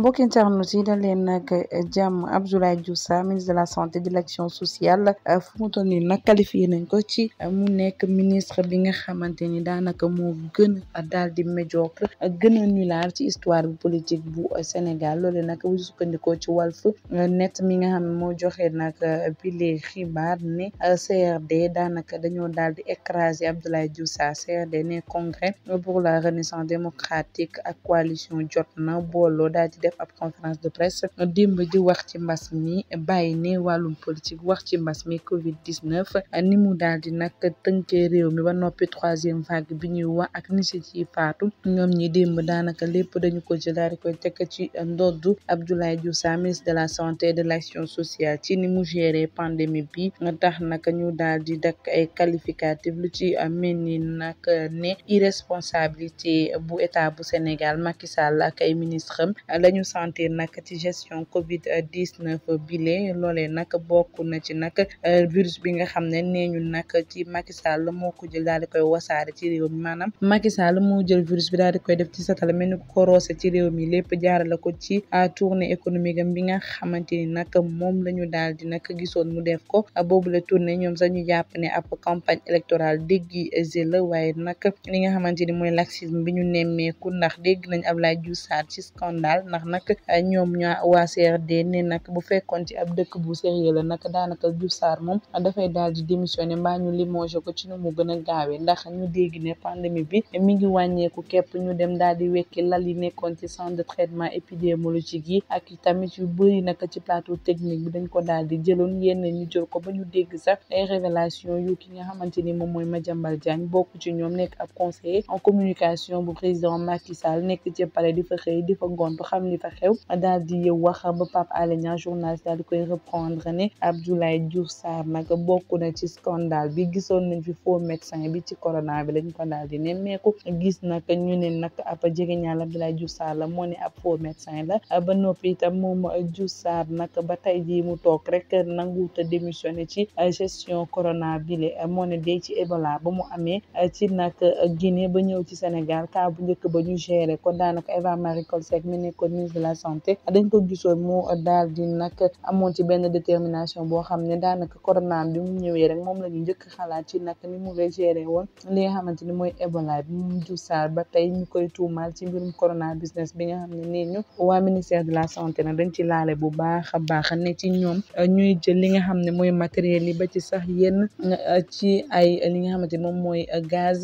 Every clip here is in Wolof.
mbokki internet yi da leen nag jàmm Abdoulaye Diouf Sarr ministre de la santé de l' action sociale fu mu toll nii nag qualifié nañ ko ci mu nekk ministre bi nga xamante ni daanaka moo gën a daal di médiocre gën a nulaar ci histoire bu politique bu Sénégal loole nag bu sukkandikoo ci Walf net mi nga xam moo joxe nag bile xibaar ne CRD daanaka dañoo daal di écraser Abdoulaye Diouf Sarr CRD ne congrès pour la renaissance démocratique ak coalition jot na booloo daal di def ab conférence de presse démb di wax ci mbas mi bàyyi ne wàllum politique wax ci mbas mi Covid 19 ni nimu daal di nag tënkee réew mi ba noppi troisième vague bi ñuy wax ak ni si ci faatu ñoom ñi démb daanaka lépp dañu ko jël daal koy tekk ci ndoddu Abdoulaye Diouf Sarr ministre de la santé de l'action sociale ci ni mu géré pandémie bi nga tax naka ñu daal di dakk ay qualificatif lu ci mel ni nag ne irresponsabilité bu état bu Sénégal Macky ak ay ministre am ñu sentir nag ci gestion Covid 19 bile loolee nag bokk na ci nag euh, virus bi nga xam ne nee ñu nag ci Macky Sall moo ko jël daal di koy wasaare ci réew mi maanaam Macky moo jël virus bi daal di koy def ci satala mel ni ko ci réew mi lépp jaarale ko ci euh, tournée économique am bi nga xamante ni nag moom la ñu daal di nag gisoon mu def ko boobu la tournée ñoom sax ñu jàpp ne ab campagne électorale déguisée la waaye nag li nga xamante ni mooy laxisme bi ñu nemmeeku ndax dégg nañ Abdoulaye Diouf Sarr ci scandale ndax nag ñoom ñoo waa CRD ne nag bu fekkoon ci ab dëkk bu sérieux la nak daanaka Diouf saar moom dafay daal di démissionné mbaa ñu limogé ko ci nu mu gën a gaawee ndax ñu dégg ne pandémie bi mi ngi wàññeeku képp ñu dem daal di wekki lal yi nekkoon ci centre de traitement épidémiologique yi ak tamit yu bëri nag ci plateau technique bi dañ ko daal di jëloon yenn ñu jël ko ba ñu dégg sax ay révélation yu ki nga xamante ni moom mooy ma Madiambal Diagne bokk ci ñoom nekk ab conseiller en communication bu président Macky Sall li xew daal di wax ba Pape Alé Niang journaliste daal di koy reprendre ne Abdoulaye Diouf Sarr nag bokk na ci scandale bi gisoon nañ fi faux médecin bi ci corona bi lañ ko daal di nemmeeku gis nag ñu ne nag ab jegeñaal Abdoulaye Diouf Sarr la moo ne ab faux la ba noppi itam moom Diouf Sarr nag ba tey ji mu toog rek nanguwut a démissionné ci gestion corona bi le moo ne ci Ebola ba mu amee ci a Guinée ba ñëw ci Sénégal cas bu njëkk ba ñu géré ko daanaka Eva Marie Coll Seck mi ministre de la santé dañ ko gisoon moo daal di nag amoon ci benn détermination boo xam ne daanaka corona bi mu ñëwee rek moom la ñu njëkk xalaat ci nag ni mu géré woon li nga xamante ni mooy Ebola bi mu Diouf Sarr tey ñu koy tuumaal ci mbirum corona business bi nga xam ne nii ñu waa ministère de la santé nag dañ ci laale bu baax a baax ne ci ñoom ñuy jël li nga xam ne mooy matériel yi ba ci sax yenn ci ay li nga xamante ne moom mooy gaz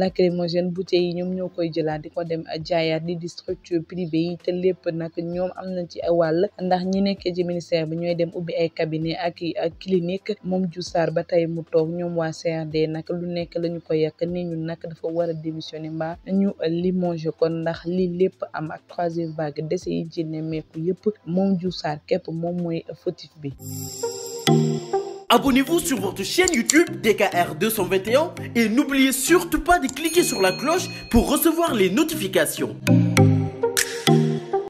lacrymogène bouteilles yi ñoom ñoo koy jëlaat di ko dem a jaayaat di di structure privée yi te lépp nag ñoom am na ci wàll ndax ñi nekkee ci ministère bi ñooy dem ubbi ay cabinet ak i clinique moom Diouf Sarr ba tey mu toog ñoom waa CRD nag lu nekk la ñu ko yàq ni ñun nag dafa war a démissionner mbaa ñu limoger kon ndax lii lépp am ak troisième vague dese yi ci nemmeeku yëpp moom Diouf Sarr képp moom mooy fautif bi Abonnez-vous sur votre chaîne YouTube DKR et n'oubliez surtout pas de cliquer sur la cloche pour recevoir les notifications.